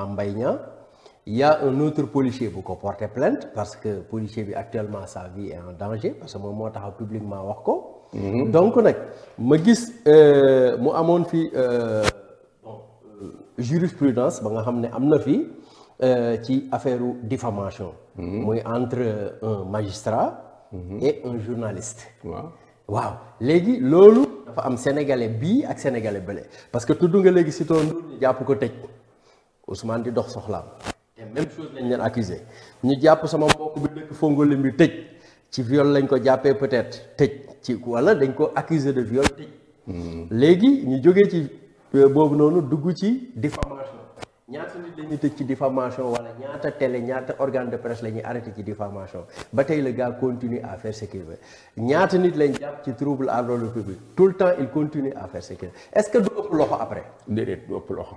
En il y a un autre policier qui a porté plainte parce que le policier actuellement sa vie est en danger parce que je suis taxaw publiquement wax ko mhm. donc je ma gis euh, mu en euh, euh, jurisprudence ba nga en train de na ci affaire diffamation mhm. entre un magistrat mhm. et un journaliste Wow, waaw léegi loolu dafa am sénégalais et ak sénégalais parce que tout le monde, si un peu ko tëj Ousmane di dox soxlaam te même chose lañ leen accusé ñu jàpp sama mbokk bi dëkk Fongolim bi tëj ci viol lañ ko jàppee peut-être tëj ci walla dañ ko accusé de viol tëj hmm. léegi ñu jógee ci euh, boobu noonu dugg ci diffamation ñaata nit la ñuy tëj ci diffamation wala ñaata télé ñaata organe de presse la ñuy arrêté ci diffamation ba tey le gars continue à faire ñaata nit lañ jàpp ci trouble à l'ordre public tout le temps il continue à faire ce qu'il veut que du ëpp loxo après. loxo.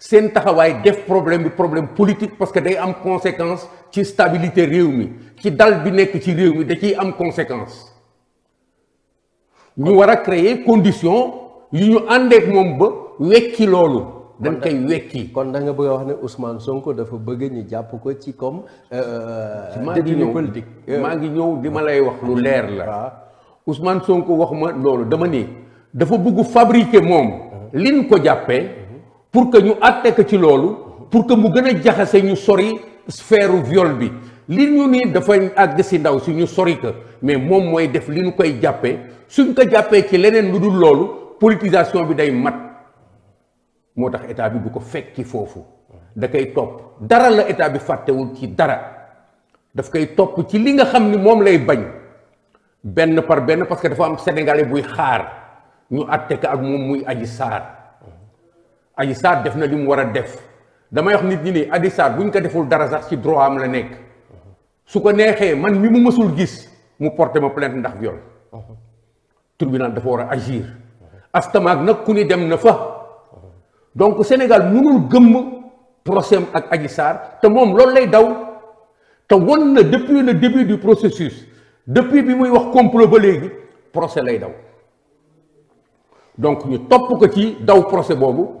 sen taxaway def problème bi problème politique parce que day am conséquence ci stabilité réew mi ci dal bi nek ci réew mi da ci am conséquence ñu wara créer condition yu ñu àndeek mom ba wekki lolu dañ koy wekki kon da nga bëgg wax né Ousmane Sonko dafa bëgg ñu japp ko ci comme euh, euh politique euh, ma ngi ñëw di ma lay wax lu leer la ah. Ousmane Sonko wax ma loolu dama ne dafa bëgg fabriquer mom ah. liñ ko jappé pour que ñu àtte ko ci loolu pour que mu gën a jaxase ñu sori sphère viol bi li ñu ni dafa àgg si ndaw si ñu sori ko mais moom mooy def li ñu koy jàppee suñ ko jàppee ci leneen lu dul loolu politisation bi day mat moo tax état bi bu ko fekki foofu da koy topp dara la état bi fàttewul ci dara daf koy topp ci li nga xam ni moom lay bañ benn par benn parce que dafa am sénégalais buy xaar ñu àtte ko ak moom muy aji saar Adji Sarr def na li war a def damay wax nit ñi ne Adji Sarr buñ ko deful dara sax ci droit am la nekk su ko neexee man mi mu mësul gis mu porter ma plainte ndax viol tribunal dafa war a agir astamaak nag ku ni dem na fa donc Sénégal mënul gëmm procès ak Adji Sarr te moom loolu lay daw te won na depuis le début du processus depuis bi muy wax complot ba léegi procès lay daw donc ñu topp ko ci daw procès boobu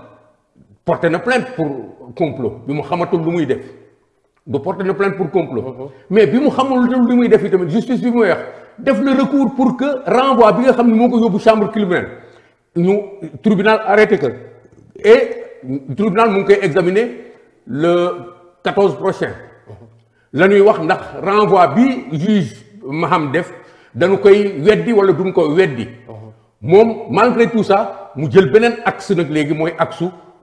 porté na plainte pour complot bi mu xamatul lu muy def du porté na plainte pour complot uh-huh. mais bi mu xamul lu muy def tamit justice bi muy wax def le recours pour que renvoi bi nga xam ne moo ko yóbbu chambre criminelle ñu tribunal arrêté que et tribunal mu ngi koy examiner le 14 prochain uh-huh. la ñuy wax ndax renvoi bi juge Maham def dañu koy weddi wala duñ ko weddi uh-huh. moom malgré tout ça mu jël beneen axe nag léegi mooy axu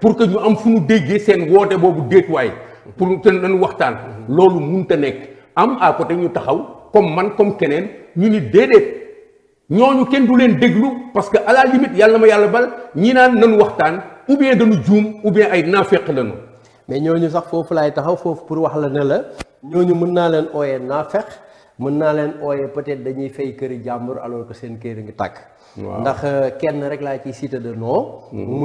pour que ñu am fu ñu déggee seen woote boobu déetuwaay pour te nañu waxtaan loolu munta nekk am à côté ñu taxaw comme man comme keneen ñu ni déedéet ñu kenn du leen déglu parce que à la yàlla ma yàlla bal ñi naan nañu waxtaan ou bien dañu juum ou bien ay naafeq lañu mais ñooñu sax foofu laay taxaw foofu pour wax la ne la ñoo ñu mën naa leen ooyee naafeq mën naa leen ooyee peut-être dañuy fay kër jàmbur alors que seen kër ngi tàkk. ndax euh, kenn rek laa de nom. Hmm.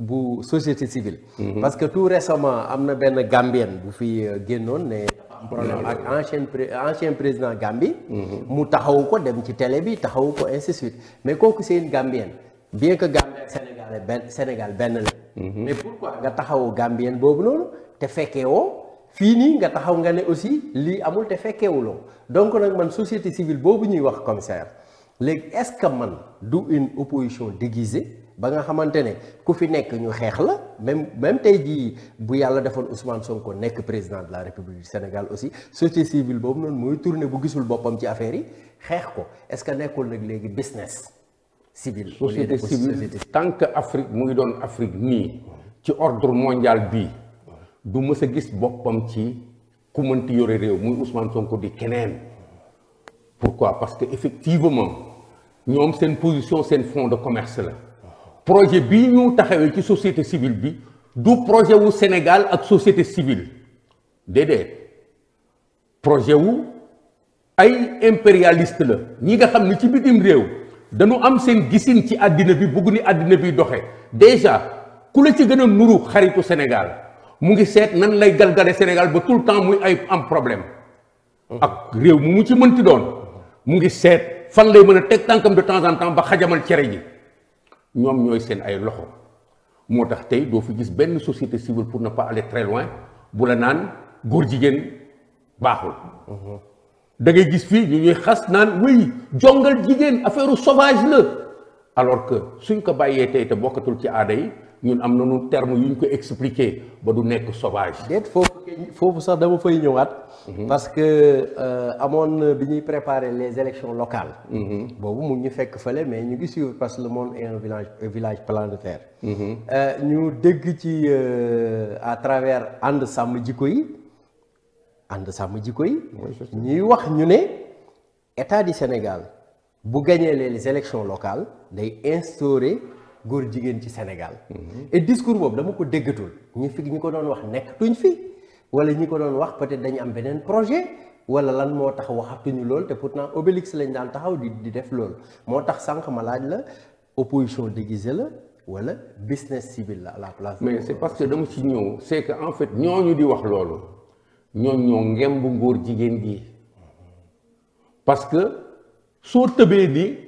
bu société civile. Mhm. parce que tout récemment amna ben Gambien bu fi euh, génnoon né problème ak ancien ancien président Gambie. Mhm. mu taxaw ko dem ci télé bi taxawu ko ainsi de suite mais que c'est une Gambienne bien que Gambie ak Sénégal ben Sénégal ben mhm. mais pourquoi nga taxaw Gambien bobu noonu te fekkee woo Fini, nga taxaw nga aussi li amul te fekkeewuloo donc nak man société civile bobu ñuy wax ça. Légue est-ce que man du une opposition déguisée ba nga xamantene ku fi nek ñu xex la même même tay ji bu yalla defoon Ousmane Sonko nek président de la République du Sénégal aussi société civile bobu non moy tourner bu gisul bopam ci affaire yi xex ko est-ce que nekul nak légui business civil société civile tant que Afrique muy ngi doon Afrique ni, ci ordre mondial bi du mësa gis bopam ci ku mënti yoré réew muy Ousmane Sonko di keneen pourquoi parce que effectivement ñom sen position sen fonds de commerce la projet bi ñu taxawé ci société civile bi du projet wu Sénégal ak société civile dédé projet wu ay impérialiste la ñi nga xam ni ci bitim réew dañu am seen gisin ci adina bi bugg ni àddina bi doxé déjà ku la ci gëna a nuru xaritu Sénégal mu ngi sét nan lay galgale Sénégal ba tout le temps muy ay am problème ak réew mu mu ci mënti doon mu ngi sét fan lay mëna tek tankam de temps en temps ba xajamal cere ji ñoom ñooy seen ay loxo moo tax tey doo fi gis benn société civile pour ne pas aller très loin bu la naan góor jigéen baaxul. Mhm. da ngay gis fii ñu ñuy xas naan wuy jongal jigéen affaire sauvage la alors que suñ ko bàyyee tey te bokkatul ci aada ñun am nañu terme yuñ ko expliquer ba du nekk sauvage. déet foofu foofu sax dama fay ñëwaat. Mhm. parce que euh, amoon bi ñuy préparer les élections locales. Mhm. boobu mu ñu fekk fële mais ñu ngi suivre parce que le monde est un village un village planétaire. Mhm. Euh, ñu dégg ci euh, à travers ànd sàmm jikko yi ànd sàmm jikko yi. ñuy wax ñu ne état du Sénégal bu gagné les élections locales day instaurer. góor jigéen ci Sénégal. Mhm. et discours boobu dama ko déggatul ñi fi ñi ko doon wax nekkatuñ fi wala ñi ko doon wax peut-être dañu am beneen projet wala lan moo tax waxatuñu lool te pour pourtant Obélix lañ daan taxaw di di def loolu moo tax sànq ma laaj la opposition déguisée la wala business civil la à la place. mais c'est parce que dama ci ñëw c'est que en fait ñu di wax loolu ñooñu ñoo ngemb ngóor jigéen gi parce que soo tëbee di.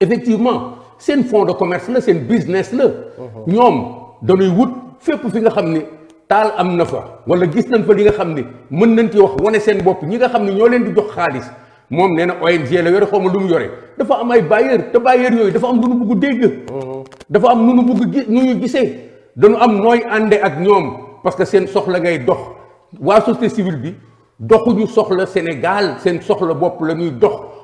effectivement c'est une fonds de commerce c'est seen business la. ñoom dañuy wut fepp fi nga xamni ni taal am na fa wala gis nañ fa li nga xamni ni mën nañ ci wax woné seen bop ñi nga xamni ni ñoo leen di jox xaalis mom néna ONG la yore xaw lu mu yoré dafa am ay bailleurs te bailleurs yoy dafa am lu nu bëgg dégg. dafa am nu nu bëgg gis nu ñu gisee dañu am noy andé ak ñom parce que seen soxla ngay dox wa société civile bi doxuñu soxla Sénégal seen soxla bop la ñuy dox.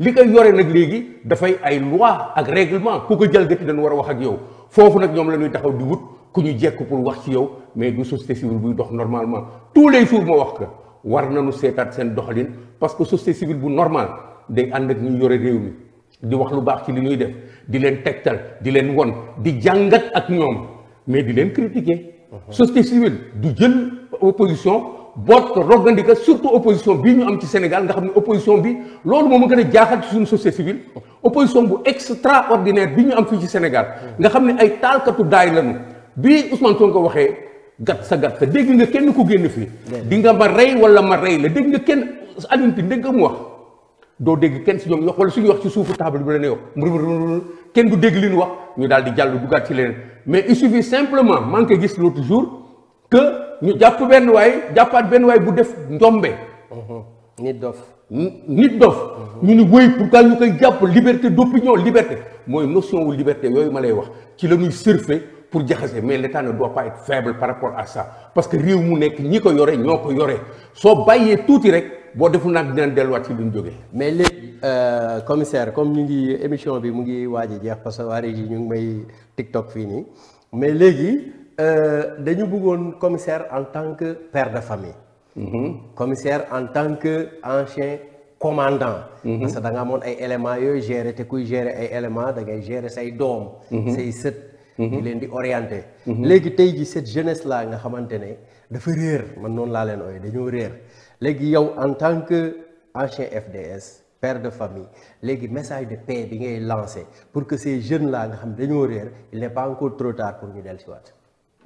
li koy yore nag léegi dafay ay loi ak règlement ku ko jalgati dañu war a wax ak yow foofu nag ñoom la ñuy taxaw di wut ku ñu jekk pour wax ci yow mais du société civile buy dox normalement tous les jours ma wax ko war na nañu seetaat seen doxalin parce que société civile bu normal day ànd ak ñu yore réew mi di wax lu baax ci li ñuy def di leen tegtal di leen won di jàngat ak ñoom mais di leen critiquer mhm. société civile du jël opposition boot revendique surtout opposition bi ñu am ci Sénégal nga xamni opposition bi loolu mo mu gën a jaaxal ci suñu société civile opposition bu extraordinaire bi ñu am fi ci Sénégal nga xamni ay talkatu daay lañu bi Ousmane Sonko waxé gat sa gat sa dégg nga kenn ku génn fi di nga ma rey wala ma rey la dégg nga kenn alinti dégg nga mu wax do dégg kenn ci ñom wax wala suñu wax ci suufu table bi la ne wax mrmr kenn du dégg li ñu wax ñu daal di jàll duggaat ci leneen mais il suffit simplement man gis l'autre jour que ñu jàpp ben way jappat ben way bu def ndombe. Mhm. nit dof. nit dof. Mhm. ñu ni wéy pourquoi ñu koy jàpp liberté d'opinion liberté moy notion wu liberté yooyu ma lay wax ci la ñuy surfer pour jaxase mais l'État ne doit pas être faible par rapport à ça parce que rew mu nek ñiko yoré ñoko yoré so bayé touti rek bo deful nag dinañ delluwaat ci lu ñu mais mais euh, commissaire comme ñu ngi émission bi mu ngi waji a jeex parce que waa yi ñu ngi may TikTok fini mais légui euh, dañu bëggoon commissaire en tant que père de famille. Mhm. commissaire en tant que ancien commandant. Mhm. parce que da nga amoon ay éléments yooyu gérer te kuy géré ay éléments da ngay gérer say doom. Mhm. say sët. di leen di orienter. léegi tey ji cette jeunesse là nga xamante ne dafa réer man noonu laa leen ooyee dañoo réer léegi yow en tant que ancien FDS. père de famille léegi message de paix bi ngay lancé pour que ces jeunes là nga xam dañoo réer il n'est pas encore trop tard pour ñu dellusiwaat.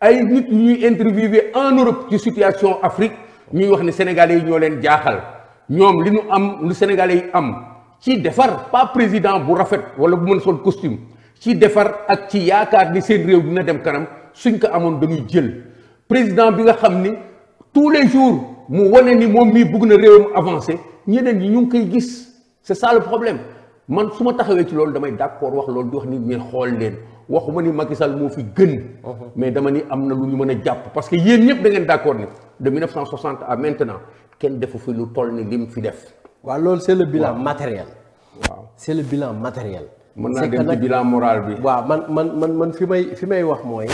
ay nit ñuy interviewé en Europe ci situation Afrique ñuy wax ne sénégalais leen li sénégalais yi am ci defar pas président bu rafet wala bu mën costume ci defar ak ci yaakaar ni seen réew dina dem kanam suñ ko amoon dañuy président bi nga tous les jours mu wane ni moom mii na réewam avancé ñeneen ñi ñu ngi koy gis c'est ça le problème man su d'accord wax loolu waxu ma ni Macky Sall moo fi gën. mais dama ni am na lu ñu mën a jàpp parce que yéen ñëpp da ngeen d' accord ni de 1960 à maintenant kenn defu fi lu toll ni lim fi def. waa loolu c' est le bilan matériel. waaw c' le bilan matériel. mën naa dem ci bilan moral bi. waaw man man man man fi may fi may wax mooy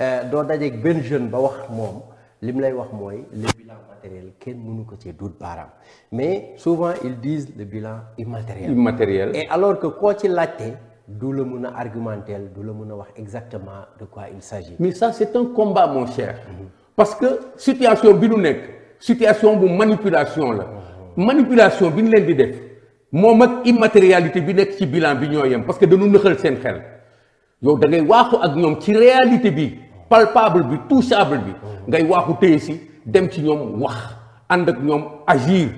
euh, doo dajeeg benn jeune ba wax moom li mu lay wax mooy le bilan matériel kenn mënu ko cee duut baaraam mais souvent ils disent le bilan immatériel. immatériel et alors que koo ci laajte. du le mën a argumenter le la mën wax exactement de quoi il s'agit mais ça c'est un combat mon cher parce que situation bi situation de manipulation la manipulation bin ñu di def moom ak immatérialité bi bilan bi parce que dañu nous seen xel yow da ngay waaxu ak ñoom ci réalité bi palpable bi touchable bi ngay waaxu téye si dem ci ñoom wax Andak agir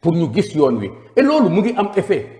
pour nous gis yoon wi et lolo mu ngi am effet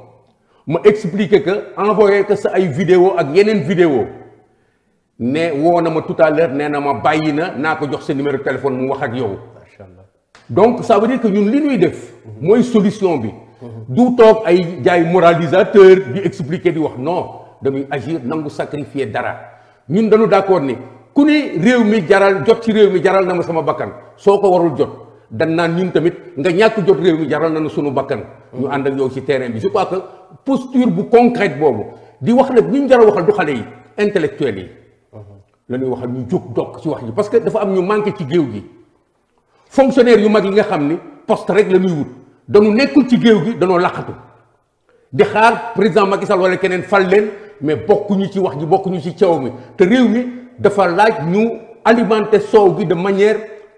ma expliqué que envoyer que sa ay vidéo ak yeneen vidéo ne on na tout à l'heure nee na ma bàyyi na naa ko jox sa numéro téléphone mu wax ak yow donc ça veut dire que ñun li ñuy def mooy solution bi du toog ay jaay moralisateur di expliquer di wax non dañuy agir nangu sacrifier dara ñun dañu d'accord ni kuni, ni mi jaral jot ci réew mi jaral na ma sama ma soo ko warul jot dan naan ñun tamit nga ñàkk jot réew mi jaral nañu suñu bakkan ñu ànd ak yow ci terrain bi je crois que posture bu concrète boobu di wax nag ñu jar a waxal du xale yi intellectuels yi la ñuy waxal ñu jóg dokk ci wax ji parce que dafa am ñu manqué ci géew gi fonctionnaire yu mag yi nga xam ni post rek la ñuy wut dañu nekkul ci géew gi dañoo laqatu di xaar président Macky Sall wala keneen fal leen mais bokkuñu ci wax ji bokkuñu ci ceew mi te réew mi dafa laaj ñu alimenter soow bi de manière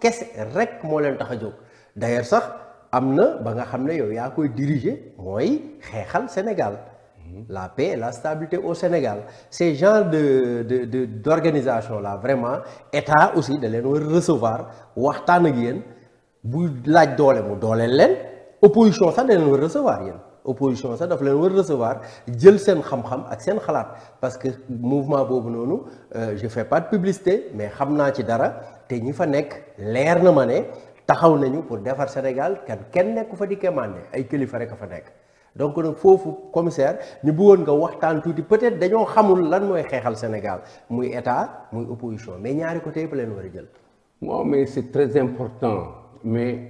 Qu'est-ce que len d'ailleurs sax Sénégal la paix et la stabilité au Sénégal ces genre d'organisation là vraiment l'État aussi de len nous recevoir waxtan ak nous bu laaj mu opposition recevoir opposition ça daf leen wër recevoir jël sen xam-xam ak sen xalaat parce que mouvement nonou euh, je fais pas de publicité mais xamna ci dara té ñi fa nek leer na mané taxaw nañu pour defar Sénégal kan ken nek fa di kéemaane ay kilifa rek fa nek donc nag foofu commissaire ñu bëggoon nga waxtaan tuuti peut-être dañoo xamul lan moy xéxal Sénégal muy état muy opposition mais ñaari côté pour leen wër jël. waaw mais c'est très important mais